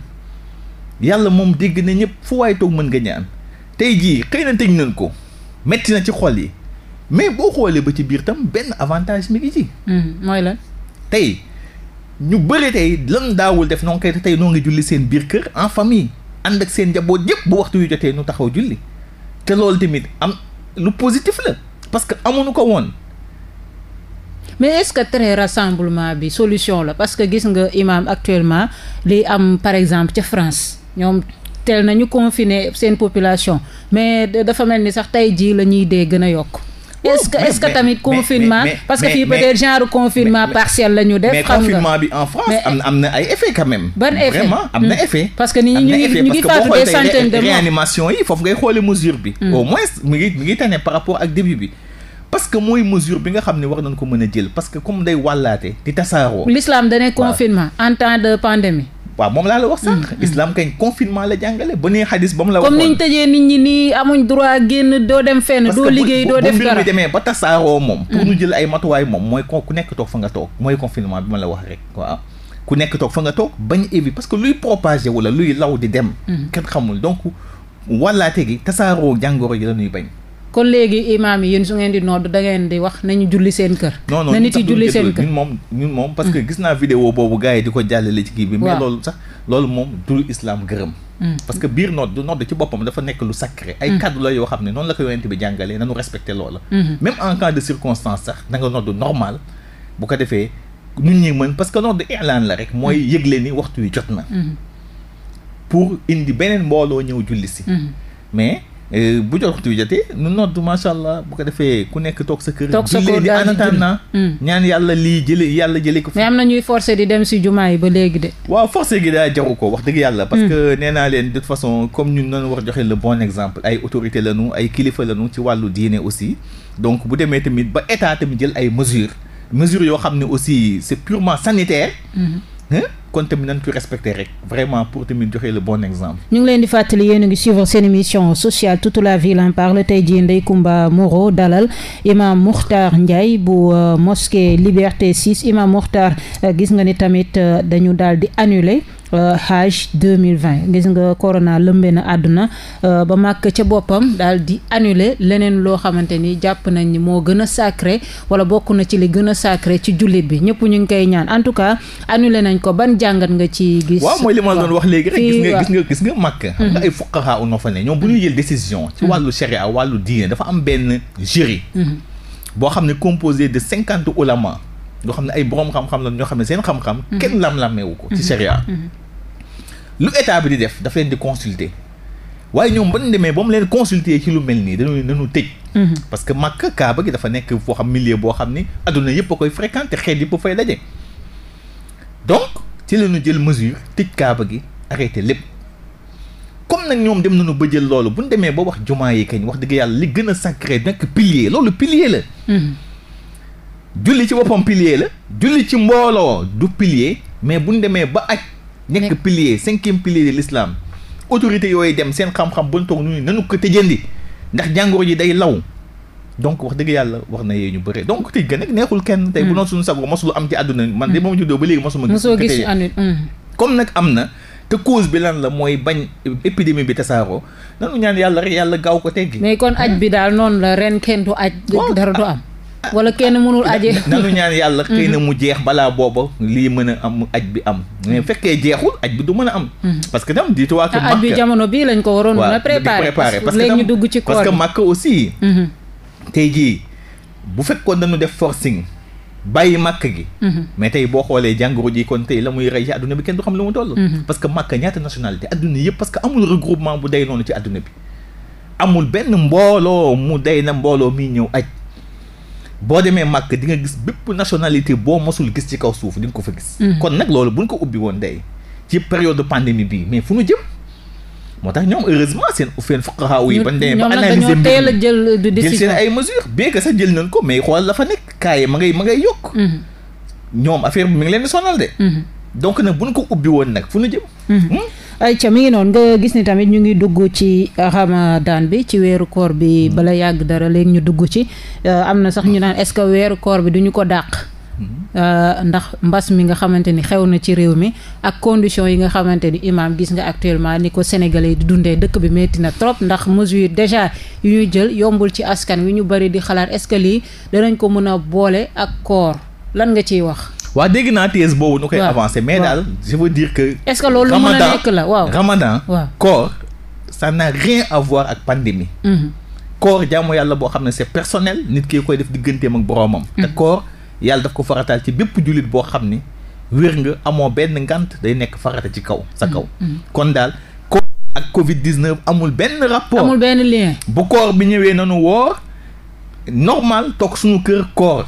yàlla moom dégg na ñëpp fu waay toog mën nga ñaan tey jii xëy na tëj nañ ko metti na ci xol yi mais boo xoolee ba ci biir tam benn avantage mi ngi ci mhm. mooy lan tey ñu bëri tey lan daawul def noo ngi te tey noo ngi julli seen biir kër en famille ànd ak seen njaboot yëpp bu waxtu yu jotee ñu taxaw julli te loolu tamit am lu positif la parce que amuñu ko woon mais est-ce que très rassemblement bi solution la parce que gis nga imam actuellement li am par exemple ca France ñoom teel nañu confiner seen population mais dafa mel ni sax tey jii la ñuy dee gën a yokk est-ce que est-ce que tamit confinement parce que fii peut genre confinement partiel la def. mais confinement bi en France am na am na ay effets quand même. ban effet vraiment am na hmm. effet. parce que nit ñi ñu ngi ñu ngi faatu des centaines de morts yi foofu ngay xoolee mesure bi. Hmm. au moins mi ngi mi ngi tane par rapport ak début bi. parce que mooy mesure bi nga xam ne war nañ ko mën a jël parce que comme day wàllaate di tasaaroo. l'islam da confinement en temps de pandémie. waaw moom laa la wax sànq. Mm-hmm. islam kañ confinement la jàngale ba nii xadis ba mu la. waxoon comme ni ñu tëjee nit ñi nii amuñ droit génn doo dem fenn. doo liggéey doo def dara demee ba tasaaroo moom. pour ñu mm-hmm. jël ay matuwaay moom mooy ku nekk toog fa nga toog mooy confinement bi ma la wax rek waaw. ku nekk toog fa nga toog bañ évi parce que luy propagé wala luy law di dem. Mm-hmm. kenn xamul donc walaate gi tasaaroo jàngoro ji la ñuy bañ. kon léegi imaam yi yéen su ngeen di nodd da di wax nañu julli seen kër. na nit yi julli seen kër ñun moom ñun moom parce que mm. gis naa vidéo boobu gars yi di ko jàllale ci kii bi. mais loolu sax loolu moom du islam gërëm. Mm. parce que biir nodd nodd ci boppam dafa nekk lu sacré. ay mm. kàddu la yoo xam ne noonu la ko yonent bi jàngalee nañu respecté loola. Mm-hmm. même en cas de circonstance sax da nga nodd ko defee ñun ñi mën parce que nodd ilaan la rek. mooy yëgle ni waxtu wi jot na. Mm-hmm. pour indi beneen mbooloo ñëw julli si. Mm-hmm. mais Euh, bu jox waxtu bi jotee nu nodd macha allah bu ko defee ku nekk toog sa kër. toog sa kër di en na hmm. ñaan yàlla lii jële yàlla jëlee ko. mais am na ñuy forcé di dem si jumaa yi ba léegi de. waaw forcé gi daa jaru ko wax dëgg yàlla. parce hmm. que nee naa leen de toute façon comme ñun noonu war joxe le bon exemple ay autorité lanu ay kilifa lañu ci wàllu diine aussi. donc bu demee tamit ba état tamit jël ay mesures mesures yoo xam ne aussi c'est purement sanitaire. Hmm. Hein? kon tamit nañ ko rek vraiment pour tamit joxe le bon exemple. ñu ngi leen di fàttali yéen a ngi suivre seen émission sociale toute la ville en parle tey jii Ndeye Comba Moreau dalal imam Makhtar Ndiaye bu euh, mosquée Liberté 6 imam Makhtar euh, gis nga ni tamit euh, dañu daal di annulé. Hajj euh, 2020 gis nga corona lëmbee na àdduna euh, ba màkk ca boppam daal di annuler leneen loo xamante ni jàpp nañ ni moo gën a sacré wala bokk na ci li gën a sacré ci jullit bi ñëpp ñu ngi koy ñaan en tout cas annuler nañ ko ban jàngat nga ci gis waaw mooy li ma doon wax léegi rek gis nga gis nga gis nga mhm. xam nga ay fuqaha u noo fa ne ñoom bu ñu jël décision ci mhm. wàllu sharia wàllu diine dafa am benn jury mhm. boo xam ne composé de cinquante ulama loo xam ne ay borom xam-xam la ñoo xam ne seen xam-xam. Mhm. kenn lam-lameewu ko. ci mhm. sharia mhm. lu état bi di def daf leen di consulter waaye ñoom ba ñu demee ba mu leen consulter ci lu mel nii dañu dañu tëj. parce que Makka Kaaba gi dafa nekk foo xam milieu boo xam ni adduna yëpp a koy fréquenter xeet yëpp a fay daje. donc ci la ñu jël mesure tëj Kaaba gi arrêté lépp comme nag ñoom dem nañu ba jël loolu bu ñu demee ba wax jumaa yi kañ wax dëgg yàlla li gën a sacré nekk pilier loolu pilier julli ci woppam pilier la julli ci mbooloo du pilier mais buñ demee ba aj nekk pilier cinquième pilier de l'islam autorité yooyu dem seen xam-xam buñ toog ñu nanu ko tëjandi ndax jàngoro ji day law donc wax dëgg yàlla wax na yee ñu bëre donc tëj ga nag neexul kenn tey bu hmm. noon suñu sago mosul am ci àdduna man de moom juddoo ba léegi mosuma gis hmm. comme nag am na te cause bi lan la mooy bañ épidémie bi tasaaroo nanu ñaan yàlla rek yàlla gaaw ko teggi mais kon aj bi daal noonu la ren kenn du aj dara du ah, am wala kenn mënul aje nanu ñaan yàlla mhm. xëy na mu jeex balaa booba lii mën a am aj bi am mhm. mais fekkee jeexul aj bi du mën a am mhm. parce que tam diituwaa ah, ko aj bi jamono bi lañ ko waroon a préparer parce que que màkk aussi tey jii bu fekkoon dañu def forcing bàyyi màkk gi mais tey boo xoolee jàngoro ji kon tey la muy rey ci adduna bi kenn du xam lu mu toll parce que màkk ñaata nationalité adduna yëpp parce que amul regroupement bu day noonu ci adduna bi amul benn mbooloo mu day na mbooloo miy ñëw aj boo demee màkk di nga gis bépp nationalité boo mosul gis ci kaw suuf di nga ko fa gis. Mm-hmm. kon nag loolu bu buñ ko ubbi woon day ci période de pandémie bi mais fu ñu jëm. moo tax ñoom heureusement seen seen fuqahaaw yi. bañ demee ba analyser mbir mi jël jël seen ay mesures bien que sax jël nañ ko mais xool la fa nekk kaay ma ngay ma ngay yokk. Mm-hmm. ñoom affaire bi mi ngi leen di sonal de. Mm-hmm. donc nag bu ñu ko ubbi woon nag fu ñu jëm. Mhm. Hmm? ayca mi ngi noonu nga gis ni tamit ñu ngi dugg ci ramadan bi ci weeru koor bi hmm. bala yàgg dara leen ñu dugg ci euh, am na sax ñu naan est-ce que weeru koor bi du ñu ko dàq. Hmm. Euh, ndax mbas mi nga xamante ni xew na ci réew mi ak condition yi nga xamante ni imam gis nga actuellement ni ko sénégalais di dundee dëkk bi metti na trop ndax mesure déjà yu ñuy jël yombul ci askan wi ñu bari di xalaat est-ce que lii danañ ko mën a boole ak koor lan nga ciy wax. waa dégg naa thèse boobu nu koy avancé mais daal je veux dire que est-ce que loolu mën a nekk la waaw ramadan koor ça n'a rien à voir ak pandémie mm-hmm. koor jaamu yàlla boo xam ne c'est personnel nit kee koy def digganteem ak boroomam mm-hmm. te koor yàlla daf ko farataal ci bépp jullit boo xam ni wér nga amoo benn ngant day nekk farata ci kaw sa kaw mm-hmm. kon daal koor ak covid 19 amul benn rapport amul lien bu koor bi ñëwee nanu woor normal toog suñu kër koor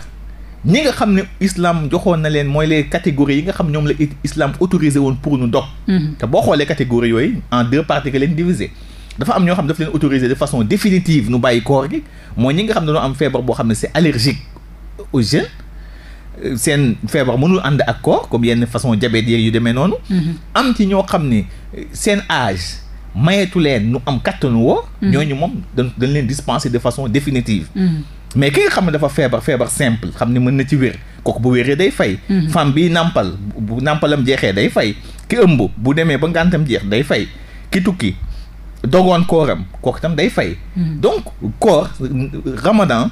ñi nga xam ne islam joxoon na leen mooy les catégories yi nga xam ñoom la islam autorisé woon pour ñu dog mm-hmm. te boo xoolee catégories yooyu en deux parties que leen divisé dafa am ñoo xam daf leen autorisé de façon définitive nu bàyyi koor gi ñi nga xam ne dañoo am feebar boo xam ne c'est allergique seen feebar mënul ànd ak koor comme yenn façon diabète yeeg yu demee noonu mm-hmm. am ci ñoo xam ne seen age mayeetu leen nu am kattanu woo mm-hmm. ñooñu moom dañ dañ leen dispenser de façon définitive mais ki nga xam ne dafa feebar feebar simple xam ne mën na ci wér kooku bu wéree day fay. Mhm. femme bi nàmpal bu nàmpalam jeexee day fay ki ëmb bu demee ba ngàntam jeex day fay ki tukki dogoon kooram kooku tam day fay. Mhm. donc koor ramadan.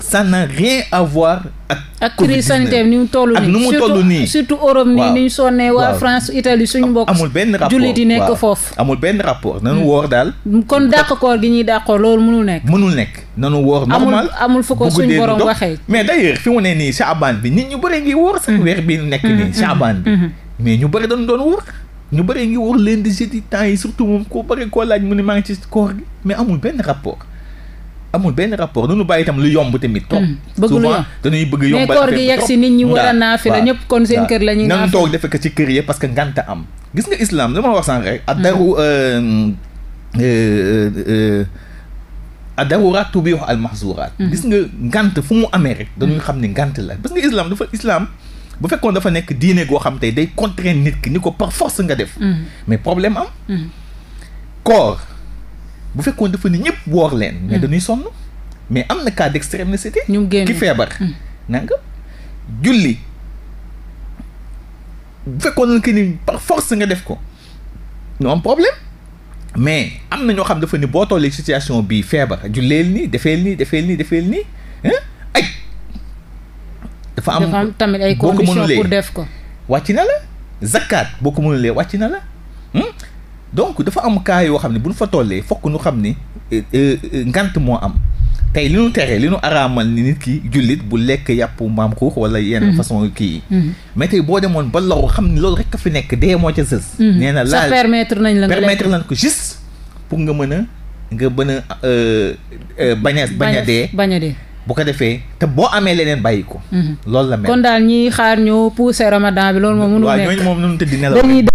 sa n'a rien à voir ak. crise sanitaire ni mu toll nii surtout Europe nii ni ñu sonnee waa France Italie suñu mbokk. amul benn rapport jullit yi nekk foofu. amul benn rapport nanu hmm. woor daal. kon dàq koor gi ñuy dàqoo loolu mënul nekk. mënul nekk nanu woor normal amul amul fu ko suñu borom waxee. mais d'ailleurs fi mu nii Chaabaan bi nit ñu bëri ngi woor sax hmm. weer bi nekk nii hmm, Chaabaan bi. mais ñu bëri dañu doon woor. ñu bëri ngi woor leen di jeudi temps yi surtout moom koo bëri koo laaj benn rapport amul benn rapport nu ñu bàyyi itam lu yomb tamit. toog hmm, souvent dañuy bëgg yombal. affaire bi trop mais koor gi yegg si nit ñi war a ñëpp kon seen kër la ñuy naafila toog defe ko ci kër yi parce que ngànta am. gis nga islam li ma wax sànq rek. Hmm. addaru euh, euh, euh, addaruraat tubiihu al mahzuraat. Hmm. gis nga ngànt fu mu amee rek. dañuy xam ni ngànt la parce que islaam dafa islam. bu fekkoon dafa nekk diine goo xam tey day contraindre nit ki ni ko par force nga def. mais problème am. koor. bu fekkoon dafa ni ñëpp woor leen. mais hmm. dañuy sonn mais am na cas d'extrême nécessité. ñu génn ki feebar. Hmm. nanga julli bu fekkoon ne que ni par force nga def ko no am problème mais am na ñoo xam dafa ni boo tollee situation bii feebar julleel ni defeel nii defeel nii defeel nii ay. dafa am tamit ay conditions pour def ko. wàcc na la zakkaat boo ko mënulee wàcc na la. Hmm? donc dafa am cas yoo xam ne bu ñu fa tollee fokk ñu xam ni euh, euh, ngant moo am tey li ñu tere li ñu araamal ni nit ki jullit bu lekk yàpp mbaam xuux wala yenn mhm. façon kii yi mhm. mais boo demoon ba loru xam ne loolu rek a fi nekk dee moo ca sës mhm. nee na laal permettre nañ la permettre ko juste pour nga mën a nga mën euh, a bañ a bañ a dee bañ a dee bu ko defee te boo amee leneen bàyyi ko loolu la mel kon daal ñiy xaar ñu pousser ramadan bi loolu moom mënul nekk waaw ñooñu moom mënul tëdd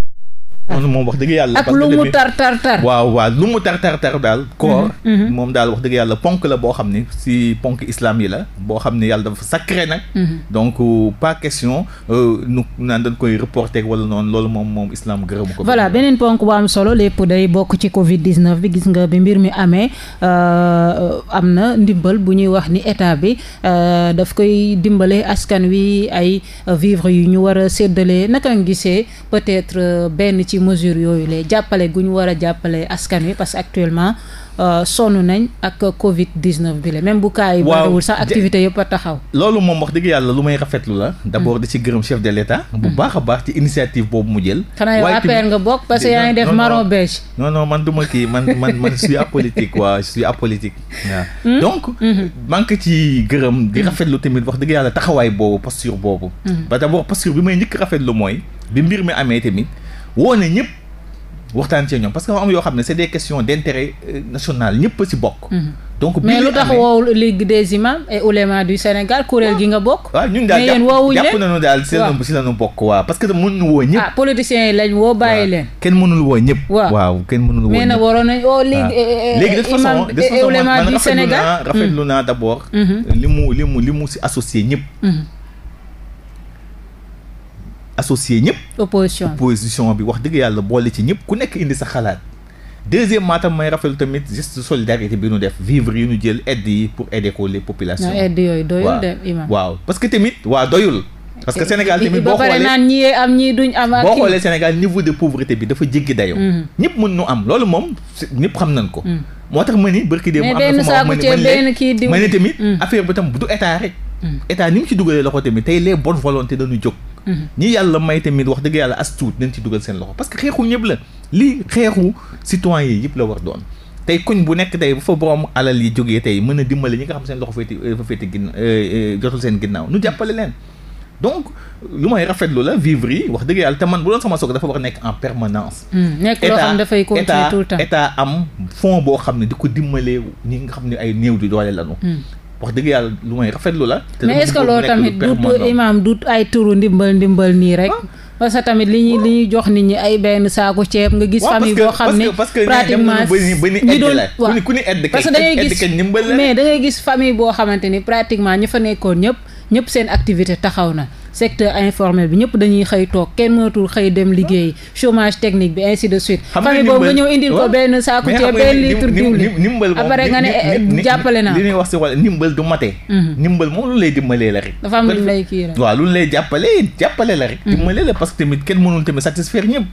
moom moom wax dëgg yàlla. ak lu mu tar tar tar waaw waaw lu mu tar tar tar daal. koor mm-hmm, mm-hmm. moom daal wax dëgg yàlla ponk la boo xam ne si ponk islam yi la boo xam ne yàlla dafa sacré nag. Mm-hmm. donc euh, pas question euh, nu naan dañ koy reporter wala noonu loolu moom moom islam gërëmu ko. voilà beneen ponk bu am solo lépp day bokk ci Covid 19 bi gis nga bi mbir mi amee euh, am na ndimbal bu ñuy wax ni état bi daf koy dimbale askan wi ay vivres yu ñu war a séddale naka nga gisee peut benn ci. ci mesure yooyu lay jàppale gu ñu war a jàppale askan wi parce que actuellement euh, sonn nañ ak Covid 19 bi la même bu kaa yi. sax activité yëpp a taxaw. loolu moom wax dëgg yàlla lu may lu la. Hmm. d' abord di ci gërëm chef de l' bu hmm. baax a baax ci initiative boobu mu jël. xanaa yow APR nga bokk parce yaa ngi def marron beige. non man du ma kii man man man suis apolitique quoi je suis apolitique. Hmm? donc. maa ci gërëm di rafetlu tamit wax dëgg yàlla taxawaay boobu posture boobu. ba d' abord posture bi may mi amee woo na ñëpp waxtaan ci ñoom parce que am yoo xam ne c'est des questions d'intérêt euh, national ñëpp si bokk. Mhm. donc mais lu tax woowul ligue des imams et oulémas du Sénégal kuréel gi nga bokk. waaw ñun daal jàpp nañu daal si lañu bokk waaw parce que mënuñu woo ñëpp. ah politiciens yi lañ woo bàyyi leen. kenn mënul woo ñëpp. waaw kenn mënul woo ñëpp mais nag waroon nañu woo oh, ligue euh, euh, imam et oulémas du Sénégal léegi de façon de façon naa d' mm-hmm. li mu li mu li mu si associé ñëpp. Mm-hmm. associé ñëpp. opposition opposition bi wax dëgg yàlla boole ci ñëpp ku nekk indi sa xalaat. deuxièmement tam may rafetlu tamit geste solidarité bi nu def vivre yu nu jël aide yi pour aider ko les populations. non aide yooyu doyul de Imam waaw parce que tamit waa doyul. parce que Sénégal tamit boo xoolee naan ñi am ñi duñ am. boo xoolee Sénégal niveau de pauvreté bi dafa jéggi dayoo. Mm-hmm. ñëpp mën nu am loolu moom ñëpp xam nañ ko. Mm. moo tax ma ni barki ma wax tamit mm. affaire bi tam du état rek. Mm. état ni mu tey les bonnes volontés dañu jóg. Mm-hmm. ñi yàlla may tamit wax dëgg yàlla as tuut dañ ci dugal seen loxo parce que xeexu la lii xeexu citoyen yëpp la war doon tey koñ bu nekk tey bu fa borom alal yi jógee tey mën a dimbale ñi nga xam seen loxo féeti euh, euh, euh, lu la vivre yi dëgg yàlla te man bu doon sama soog nekk en mm, boo xam ne di ko dimbalee ñi nga xam ne ay néew di doole lanu mm. wax dëgg yàlla lu may rafetlu la. mais est que loolu tamit du imaam du ay turu ndimbal ndimbal nii rek. parce que tamit li ñuy li ñuy jox nit ñi ay benn saako ceeb nga gis famille boo xam ne pratiquement ñi doon waaw ku ni parce que da ngay gis mais da gis famille boo xamante ni pratiquement ñi fa nekkoon ñëpp ñëpp seen activité taxaw na secteur informel bi ñëpp dañuy xëy toog kenn mënatul xëy dem liggéey chômage technique bi ainsi de suite famille boobu nga ñëw indil ko benn saaku ceeb benn eh, li ñuy wax si wàll nimbal du mate mhm. nimbal moom lu lay dimbalee la rek dafa am lu lay kii rek waaw lu lay jàppale jàppale la rek mhm. dimbalee la parce que tamit kenn mënul tamit satisfaire ñëpp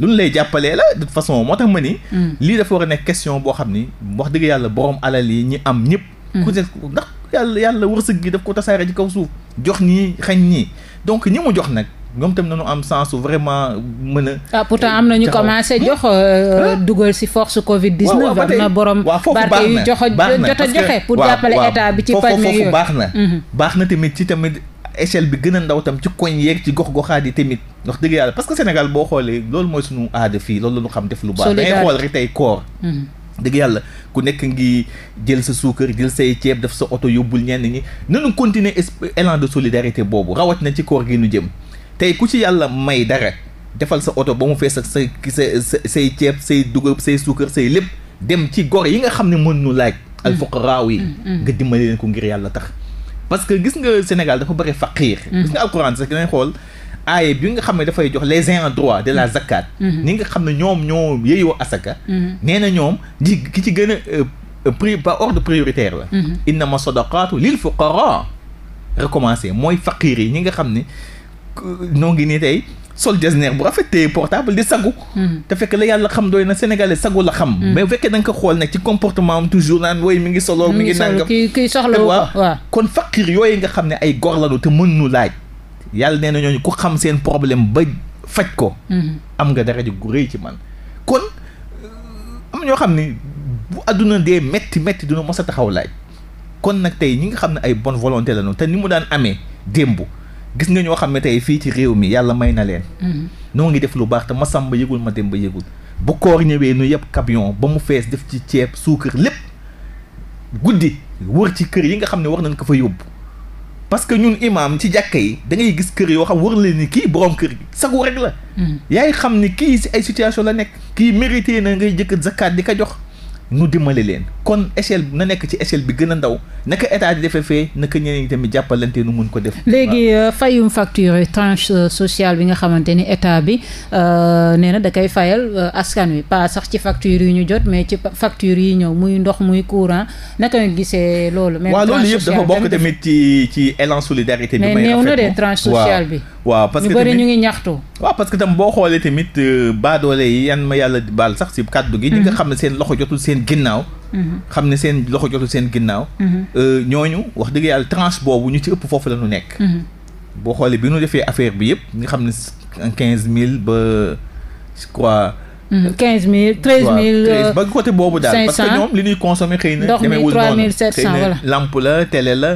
lu ñu lay jàppalee la de toute façon moo tax ma ni mhm. lii dafa war a nekk question boo xam ni wax dëgg yàlla borom alal yi ñi am ñëpp ku nekk ndax yàlla yàlla wërsëg gi daf ko tasaare ci kaw suuf jox ñii xañ ñii donc ñi mu jox nag ñoom tam nañu am sens vraiment mën a. ah pourtant am na ñu commencé hmm? jox euh, dugal si force Covid 19. waaw na borom barke yu jox jot a joxe. pour jàppale état bi ci paj mi foofu baax na. Mhm. baax na tamit ci tamit échelle bi gën a ndaw tam ci koñ yeeg ci gox goxaat yi tamit wax dëgg yàlla parce que Sénégal boo xoolee loolu mooy suñu aada fii loolu la xam def lu baax. da ngay xool rek tey koor. Mhm. dëgg yàlla ku nekk ngi jël sa suukar jël say ceeb def sa oto yóbbul ñenn ñi nanu continuer élan de solidarité boobu rawat na ci koor gi nu jëm tey ku ci yàlla may dara defal sa oto ba mu fees ak sa sa say ceeb say dugub say suukar say lépp dem ci gor yi nga xam ne mën nu laaj mm. al fuqaraaw yi mm, mm. nga dimbali ko ngir yàlla tax parce que gis nga Sénégal dafa bëri faqiir gis nga alxuraan sax dinañ xool aaye bi nga xam ne dafay jox les ayants droit de la mm-hmm. zakat mm-hmm. ñi nga xam ne ñoom ñoo yeyoo asaka mm-hmm. nee na ñoom di ki ci gën a euh, euh, pri par ordre prioritaire la innama sadaqatu lil fuqara yi ñi nga xam ne noo ngi nii tey bu rafet tey portable di sagu te fekk la yàlla xam doy na sénégalais sagu la xam mais fekkee da nga xool nag ci comportement toujours naan wooy mi ngi solo mi ngi nangam kii soxla waaw kon faqir yooyu nga xam ne ay gor lanu te mën laaj yàlla nee na ñooñu ku xam seen problème ba faj ko. Mhm. am nga dara ju gu rëy ci man. kon euh, am ñoo xam ni bu àdduna dee métti métti dina mos a taxaw laaj kon nag tey ñi nga xam ne ay bonne volonté la ñu te ni mu daan amee démb gis nga ñoo xam ne tey fii ci réew mi yàlla may na leen. Mhm. noo ngi def lu baax te ma sàmba yëgul ma dem ba yëgul. bu koor ñëwee nu yëpp camion ba mu fees def ci ceeb suukar lépp guddi wër ci kër yi nga xam ne war nañ ko fa yóbbu. parce que ñun imaam ci jàkka yi da gis kër yoo xam war leen ni kii boroom kër gi sagu rek la. Hmm. yaay xam ni kii si ay situation la nekk. kii mérité na ngay jëkk zakat di ko jox nu dimbale leen. kon échelle na nekk ci échelle bi gën a ndaw naka état di defee fee naka ñeneen ñi tamit jàppalante nu mun ko def. léegi euh, fayum facture tranche euh, sociale bi nga xamante ni état bi euh, nee na da koy fayal askan wi pas sax ci facture yi ñu jot mais ci facture yi ñëw muy ndox muy courant naka gisee loolu. même waaw loolu yëpp dafa bokk tamit ci ci élan solidarité. bi may mais néew na bi. waaw parce tamit ñu ngi ñaxtu. waaw parce que tam boo xoolee tamit baadoole yi yan ma yàlla baal sax si kaddu gi. ñi nga mhm. xam seen loxo jotul seen ginnaaw. Mm-hmm. xam ne seen loxo jotul seen ginnaaw. Mm-hmm. Euh, ñooñu wax dëgg yàlla tranche boobu ñu ci ëpp foofu la nekk. Mm-hmm. boo xoolee bi ñu defee affaire bi yëpp nga xam ne quinze mille ba je crois. Euh, quinze mille treize mille. Euh, ba côté boobu daal parce que ñoom li ñuy consommer xëy na. demeewul noonu trois mille sept cent voilà xëy la télé la.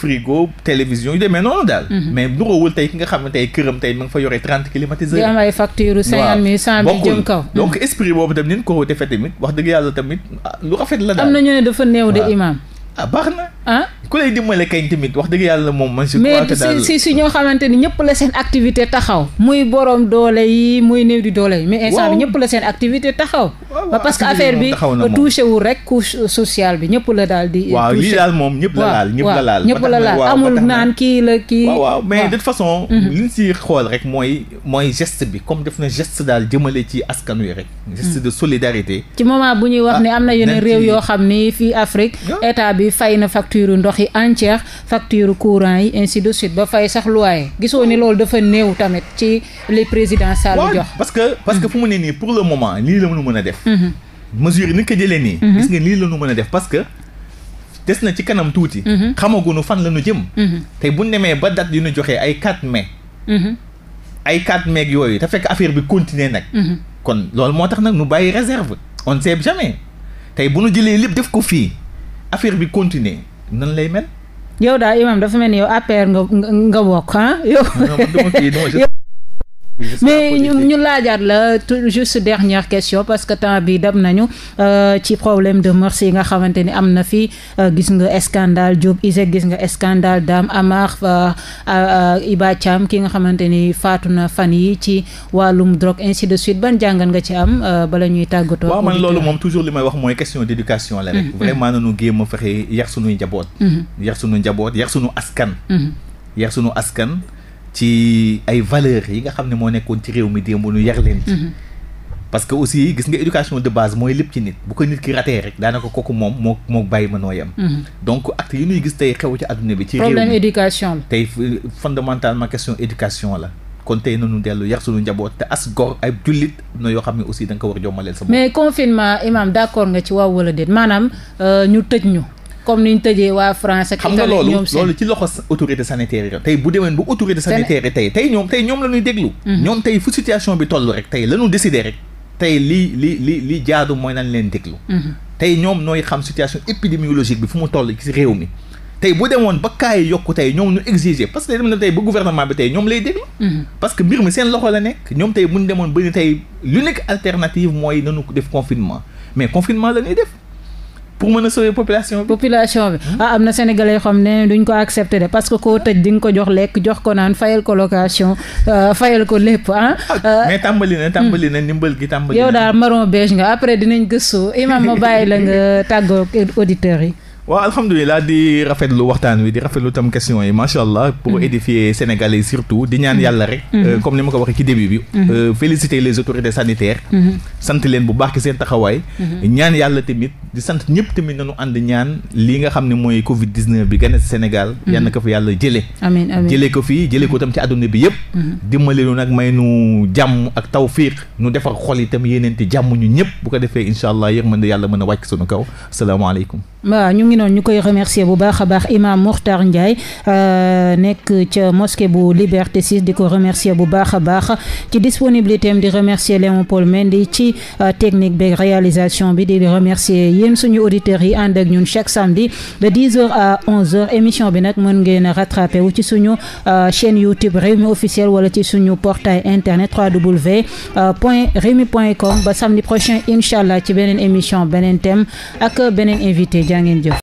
frigo télévision yu demee noonu daal. Mhm. mais nuroowul tey ki nga xam ne tey këram tey ma fa yore trente climatiseurs. di am ay factures cinquante mille cent mille kaw. Mhm. donc esprit boobu tamit ni ko wute fee tamit wax dëgg yàlla tamit ah, lu rafet la daal. am na ñu ne dafa néew de imam. ah baax na. ah ku lay dimbale kañ tamit wax dëgg yàlla moom man. je crois que daal mais si si ñoo xamante ni ñëpp la seen activité taxaw. muy borom doole yi muy néew di doole yi. mais instant bi ñëpp la seen activité taxaw. ba parce que affaire bi bi ñëpp la daal di. waaw lii daal moom ñëpp la laal ñëpp la laal. la naan kii la kii. waaw mais de toute façon. Mhm. li xool rek mooy mooy geste bi comme def na geste daal jëmale ci askan wi rek. geste mhm. de solidarité. ci moment bu ñuy wax ne ah, am na yeneen réew yoo xam ni fii Afrique état bi bi fay na facture ndox yi entière facture courant yi ainsi de suite ba fay sax loyer gisoo ni loolu dafa néew tamit ci li président Sall jox parce que fu mu ne nii pour le moment lii la ñu a def mhm. mesure ni ko jëlee nii mhm. gis nga lii la ñu a def parce que des na ci kanam tuuti mhm. xamaguñu fan la jëm tey buñ demee ba date yu ñu joxee ay 4 mai ay 4 mai yooyu te fekk affaire bi continuer nag kon loolu moo tax nag ñu bàyyi réserve on ne sait jamais tey affaire bi continuer nan lay mel. yow daal imam dafa mel ni yow APR nga nga bokk ah yow. mais ñu ñu laajaat la tout juste dernière question parce que temps bi dab nañu euh, ci problème de mœurs yi nga xamante ni am na fi euh, gis nga scandale Diop ISEG gis nga scandale Dame Amar euh, Iba Thiam ki nga xamante ni faatu na fan yi ci wàllum drogue ainsi de suite ban jàngat nga ci am bala ñuy tàggatoo. waaw man loolu moom toujours li may wax mooy question d'éducation la rek. Mm-hmm. vraiment nañu géem a fexe yar suñuy mm-hmm. njaboot. yar suñu njaboot mm-hmm. yar suñu askan. yar suñu askan. ci ay valeurs yi nga xam ne moo nekkoon ci réew mi démb ñu yar leen ci mhm. parce que aussi gis nga éducation de base mooy lépp ci nit bu ko nit ki ratee rek daanaka kooku moom moo bàyyi ma nooy am mhm. donc acte yi ñuy gis tey xew ci àdduna bi ci réew mi la tey fondamentalement question éducation la kon tey nañu dellu yar suñu njaboot te as ay jullit na yoo xam ne aussi da nga ko war a jommaleel sa mais confinement imam d'accord nga ci waaw wala déet euh, comme ni ñu tëjee waa France ak. xam nga loolu loolu ci loxo autorité sanitaire yi tey bu demee ba autorité sanitaire yi tey tey ñoom tey ñoom la ñuy déglu. Mhm. ñoom tey fu situation bi toll rek tey la ñu nooy mhm. xam situation épidémiologique bi fu mu toll ci réew mi. tey bu demoon ba kaay yokku tey ñoom ñu exiger parce que dem na tey ba gouvernement bi tey ñoom lay déglu. Mhm. parce que mbir mi seen loxo la nekk. ñoom tey bu ñu demoon ba ni tey l'unique alternative mooy nañu def confinement mais confinement la def. pour mën a sauver population bi. population bi ah am na sénégalais yoo xam ne duñ ko accepter de parce que koo tëj di nga ko jox lekk jox ko naan fayal ko location euh, fayal ko lépp ah. ah. mais tàmbali na tàmbali na ndimbal gi tàmbali yow daal marron beige nga après dinañ gëstu imam ma bàyyi la nga tàggoo auditeurs yi. waaw alhamdulilah di rafetlu waxtaan wi di rafetlu tam question yi macha allah. pour mm-hmm. édifier sénégalais surtout di ñaan mm-hmm. yàlla rek. Mm-hmm. Euh, comme ni ma ko waxee ci début bi. Euh, féliciter les autorités sanitaires. sant leen bu baax ki seen taxawaay. ñaan yàlla tamit di sant ñëpp tamit nañu ànd ñaan lii nga xam ne mooy Covid 19 bi gane si Sénégal. yal na yàlla jëlee. amiin jëlee ko fii jëlee ko tam ci àdduna bi yëpp. dimbali nu nag may nu jàmm ak tawfiq nu defar xol itam yéeneenti jàmm ñu ñëpp bu ko defee incha allah yërmande yàlla mën a wàcc sunu kaw salaamaaleykum. waaw ñu ngi noonu ñu koy remercier bu baax a baax imam Makhtar Ndiaye euh, nekk ca mosquée bu Liberté 6 di ko remercier bu baax a baax ci disponibilité am di remercier Léon Paul Mendy ci euh, technique be réalisation bi di remercier yéen suñu auditeurs yi ànd ak ñun chaque samedi de 10 heures à 11 émission bi nag mën ngeen a rattrapé wu ci suñu euh, chaîne YouTube Rewmi officiel wala ci suñu portail internet www point rewmi point com ba samedi prochain incha allah ci beneen émission beneen thème ak beneen invité. jaa ngeen jëf